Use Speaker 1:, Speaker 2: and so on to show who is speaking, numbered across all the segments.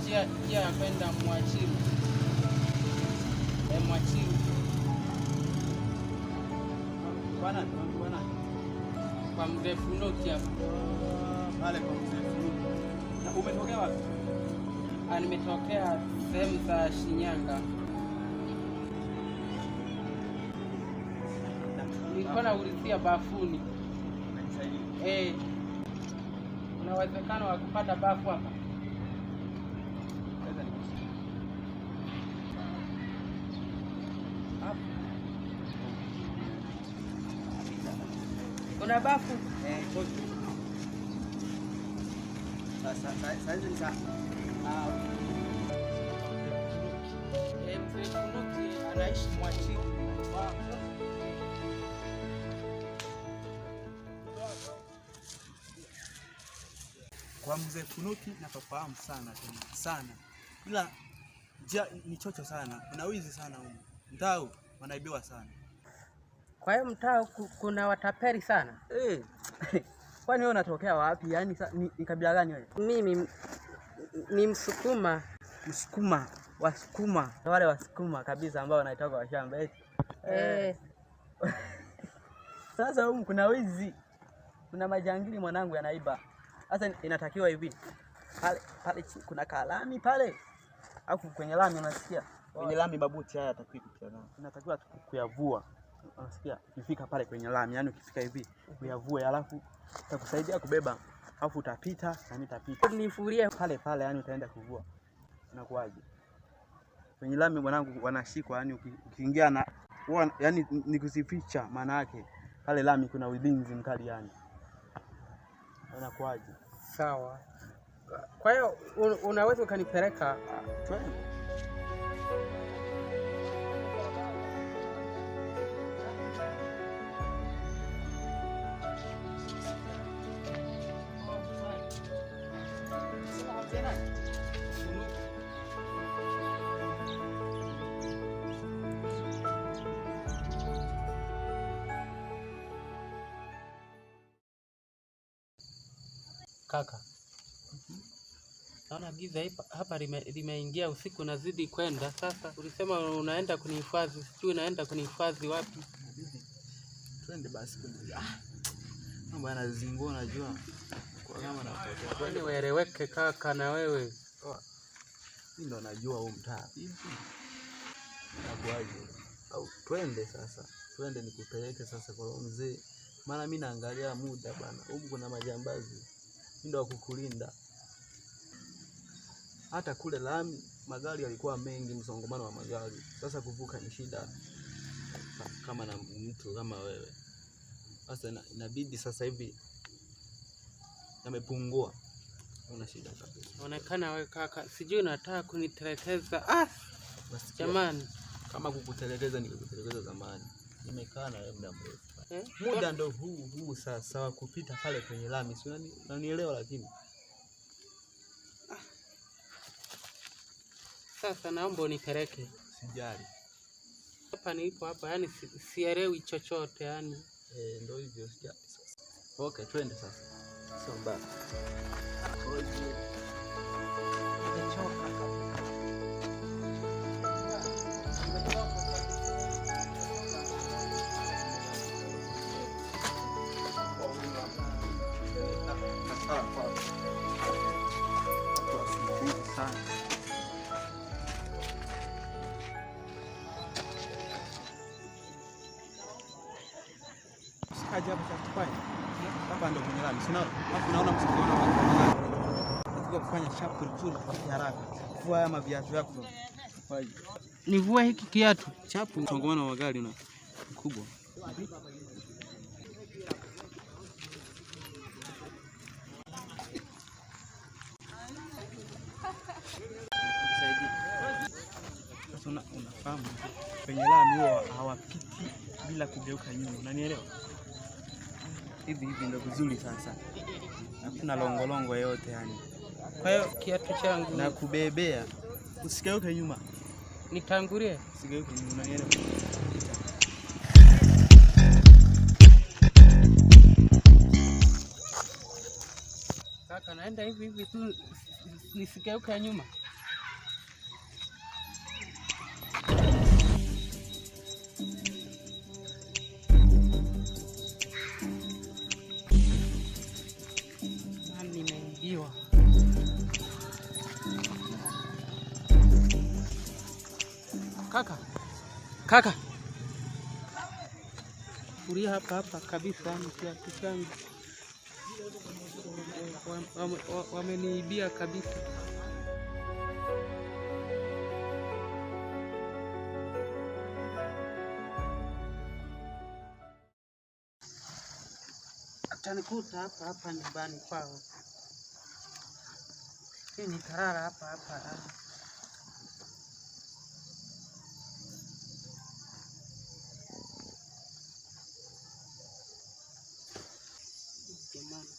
Speaker 1: njia ya kwenda Mwachiru Mwachiru kwa Mzee Funuki hapo
Speaker 2: pale ah, kwa Mzee Funuki. umetokea wapi?
Speaker 1: Ah, nimetokea sehemu za Shinyanga. nilikuwa naulizia bafuni, eh, kuna uwezekano wa kupata bafu hapa? Kuna bafu eh? eh mzee Kunuki anaishi Mwachiri.
Speaker 2: Mzee Kunuti napafahamu sana tena sana, ila ni chocho sana, kuna wizi sana huko mtao, wanaibiwa sana.
Speaker 1: Kwa hiyo mtao kuna wataperi sana
Speaker 2: eh. Kwani wewe unatokea wapi? yani ni kabila gani wewe?
Speaker 1: Mimi ni Msukuma.
Speaker 2: Msukuma, Wasukuma wale Wasukuma kabisa ambao wanaitoka washamba eti
Speaker 1: eh. eh.
Speaker 2: Sasa huko kuna wizi, kuna majangili mwanangu, yanaiba sasa inatakiwa hivi pale pale, kuna kalami pale, au kwenye lami unasikia
Speaker 1: kwenye lami mabuti haya yatakiwa kupita nao,
Speaker 2: inatakiwa kuyavua. Unasikia ukifika pale kwenye lami, yani ukifika hivi uyavue, alafu itakusaidia kubeba, alafu utapita na mimi yaani nitapita,
Speaker 1: nifurie pale
Speaker 2: pale, yani utaenda kuvua. Inakuwaje kwenye lami mwanangu, wanashikwa yani, ukiingia na yani nikusificha, maana yake pale lami kuna ulinzi mkali yani inakuwaje?
Speaker 1: Sawa, kwa hiyo unaweza ukanipeleka
Speaker 2: Kaka, naona giza hapa limeingia lime usiku, nazidi kwenda sasa. Ulisema unaenda kunihifadhi, sijui unaenda kunihifadhi wapi? Twende basi. Ah, mambo yanazingua, unajua ni weleweke kaka, na wewe oh, ndo najua huu mtaa nakuaje? Au twende sasa, twende nikupeleke sasa kwa mzee, maana mi naangalia muda bana, huku kuna majambazi ndo wakukulinda. Hata kule lami magari yalikuwa mengi, msongamano wa magari. Sasa kuvuka ni shida kama na mtu kama wewe. Sasa inabidi sasa hivi yamepungua, una shida kabisa.
Speaker 1: Onekana wewe kaka, sijui unataka kunitelekeza Ah, jamani,
Speaker 2: kama kukuteleteza ningekuteleteza zamani. Nimekaa na wewe muda mrefu. Hmm? Muda ndo huu huu sasa wa kupita pale kwenye lami, si unanielewa? Lakini ah.
Speaker 1: Sasa naomba unipeleke. Sijali hapa nilipo hapa, yani sielewi chochote yani.
Speaker 2: Eh, ndo hivyo, sijali sasa. Okay, twende sasa, sio mbaya. kazi hapa cha kufanya. Hapa ndio kwenye lami, sina hapo, naona msikiona watu kwa kufanya shapu nzuri kwa haraka. Vua haya viatu vyako.
Speaker 1: Nivue hiki kiatu.
Speaker 2: Chapu msongamano wa magari una mkubwa. unafahamu kwenye lami huwa hawapiti bila kugeuka nyuma, unanielewa? hivi hivi ndo vizuri sasa, hakuna longolongo yote yani.
Speaker 1: Kwa hiyo kiatu
Speaker 2: changu na kubebea, usigeuke nyuma,
Speaker 1: nitangulie,
Speaker 2: usigeuke nyuma
Speaker 1: kaka, naenda hivi hivi tu, nisigeuke nyuma.
Speaker 2: Kaka, kaka,
Speaker 1: kulia hapa hapa kabisa, kitu wameniibia kabisa. Atanikuta hapa hapa nyumbani kwao, hii karara hapa hapa.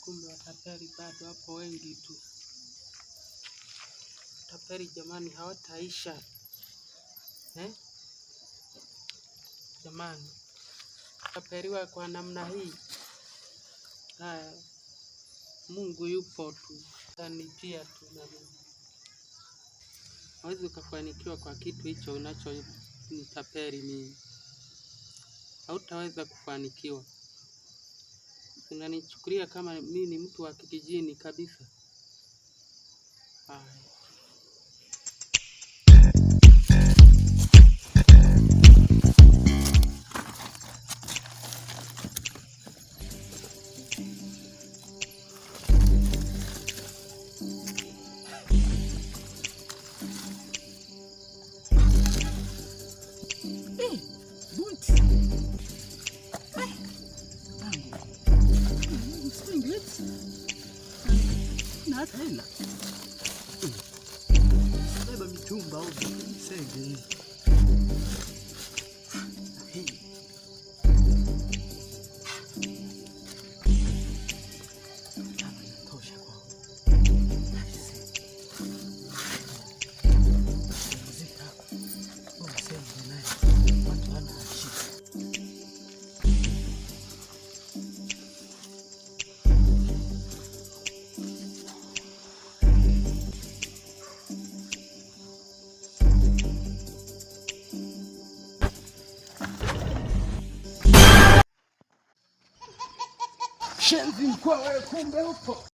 Speaker 1: kumbe watapeli bado hapo wengi tu. Watapeli jamani, hawataisha eh? Jamani, tapeliwa kwa namna hii. Haya, Mungu yupo tu, tanijia tu na Mungu. Hawezi ukafanikiwa kwa kitu hicho unacho nitapeli mimi, hautaweza kufanikiwa unanichukulia kama mimi ni mtu wa kijijini kabisa. Haya. na tela.
Speaker 2: Leba michumba au seveni. พวกไอ้คุ้มเด้อพวก